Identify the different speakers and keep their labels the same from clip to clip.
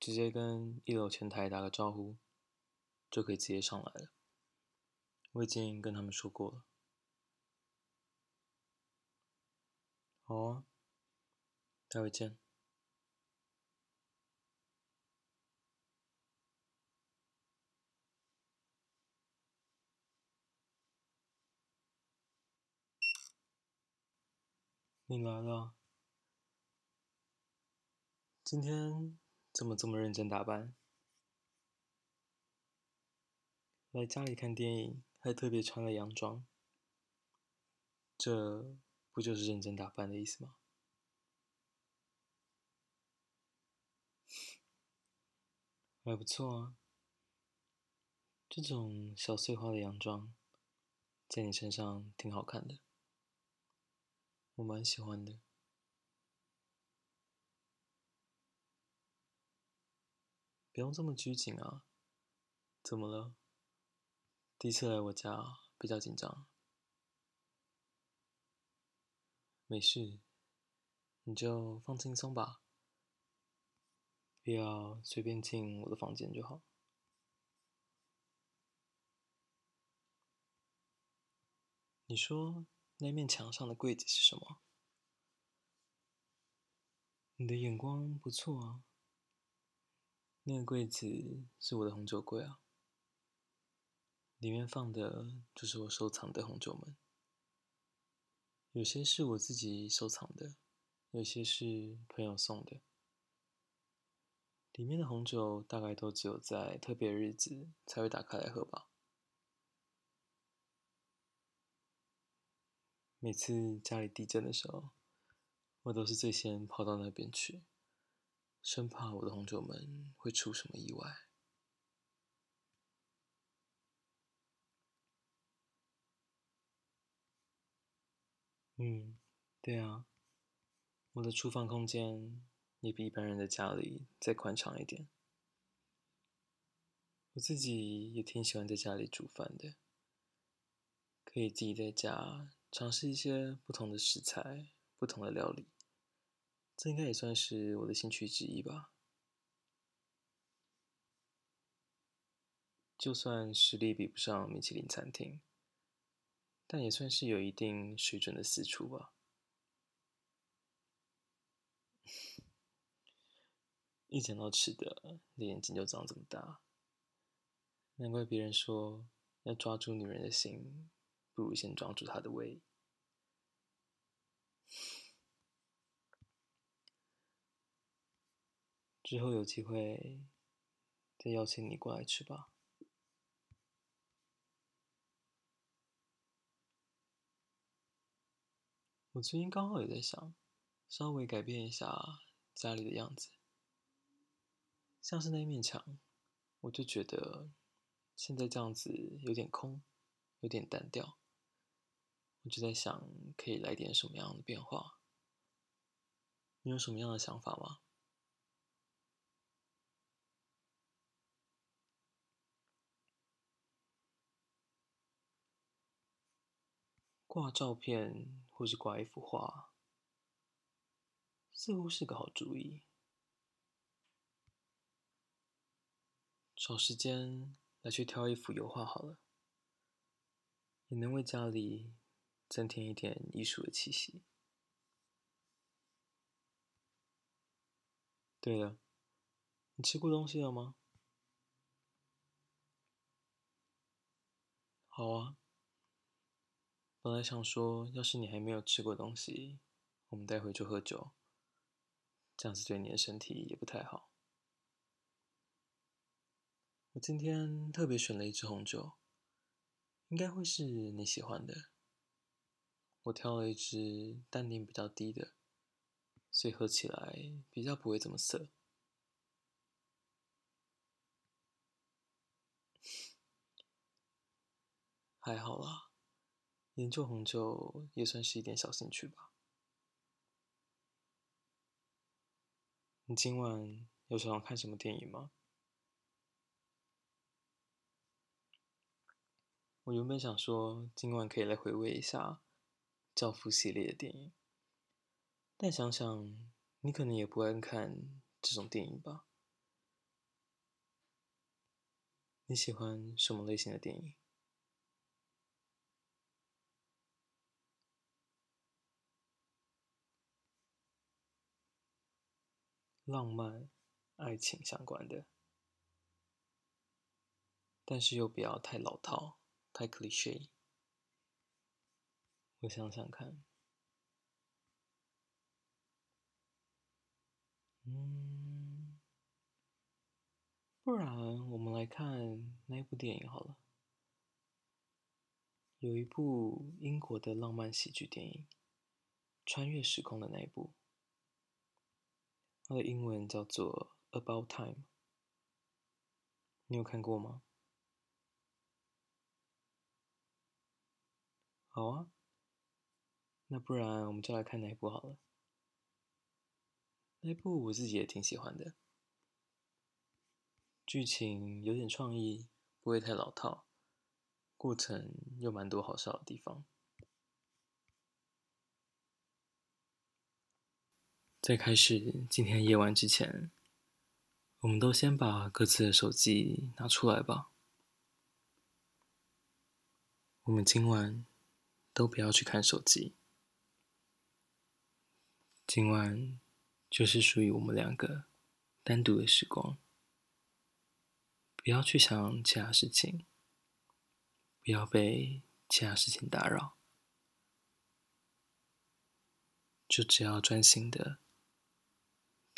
Speaker 1: 直接跟一樓前台打個招呼，就可以直接上來了。我已經跟他們說過了。好啊，待會見。你來了。今天。怎麼這麼認真打扮？來家裡看電影，還特別穿了洋裝，這不就是認真打扮的意思嗎？還不錯啊，這種小碎花的洋裝，在你身上挺好看的。我蠻喜歡的。不用這麼拘謹啊！怎麼了？第一次來我家，比較緊張。沒事，你就放輕鬆吧。不要隨便進我的房間就好。你說那面牆上的櫃子是什麼？你的眼光不錯啊。那個櫃子是我的紅酒櫃啊，裡面放的就是我收藏的紅酒們，有些是我自己收藏的，有些是朋友送的。裡面的紅酒大概都只有在特別日子才會打開來喝吧。每次家裡地震的時候，我都是最先跑到那邊去。生怕我的紅酒們會出什麼意外。嗯，對啊，我的廚房空間也比一般人的家裡再寬敞一點。我自己也挺喜歡在家裡煮飯的，可以自己在家嘗試一些不同的食材、不同的料理。這應該也算是我的興趣之一吧。就算實力比不上米其林餐廳，但也算是有一定水準的私廚吧。 一講到吃的，你眼睛就長這麼大，難怪別人說要抓住女人的心，不如先抓住她的胃。之後有機會再邀請你過來吃吧。我最近剛好也在想，稍微改變一下家裡的樣子，像是那一面牆，我就覺得現在這樣子有點空，有點單調。我就在想，可以來點什麼樣的變化？你有什麼樣的想法嗎？掛照片，或是掛一幅畫，似乎是個好主意。找時間來去挑一幅油畫好了，也能為家裡增添一點藝術的氣息。對了，你吃過東西了嗎？好啊。本來想說，要是你還沒有吃過東西，我們待會就喝酒，這樣子對你的身體也不太好。我今天特別選了一支紅酒，應該會是你喜歡的。我挑了一支單寧比較低的，所以喝起來比較不會怎麼澀。還好啦。研究紅酒也算是一點小興趣吧。你今晚有想看什麼電影嗎？我原本想說今晚可以來回味一下《教父》系列的電影，但想想你可能也不愛看這種電影吧。你喜歡什麼類型的電影？浪漫、愛情相關的，但是又不要太老套、太 cliché。我想想看，嗯，不然我們來看那一部電影好了。有一部英國的浪漫喜劇電影，穿越時空的那一部。它的英文叫做《About Time》，你有看過嗎？好啊，那不然我們就來看哪一部好了。那一部我自己也挺喜歡的，劇情有點創意，不會太老套，過程又蠻多好笑的地方。在開始今天夜晚之前，我們都先把各自的手機拿出來吧。我們今晚都不要去看手機。今晚就是屬於我們兩個單獨的時光，不要去想其他事情，不要被其他事情打擾，就只要專心的。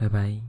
Speaker 1: 拜拜。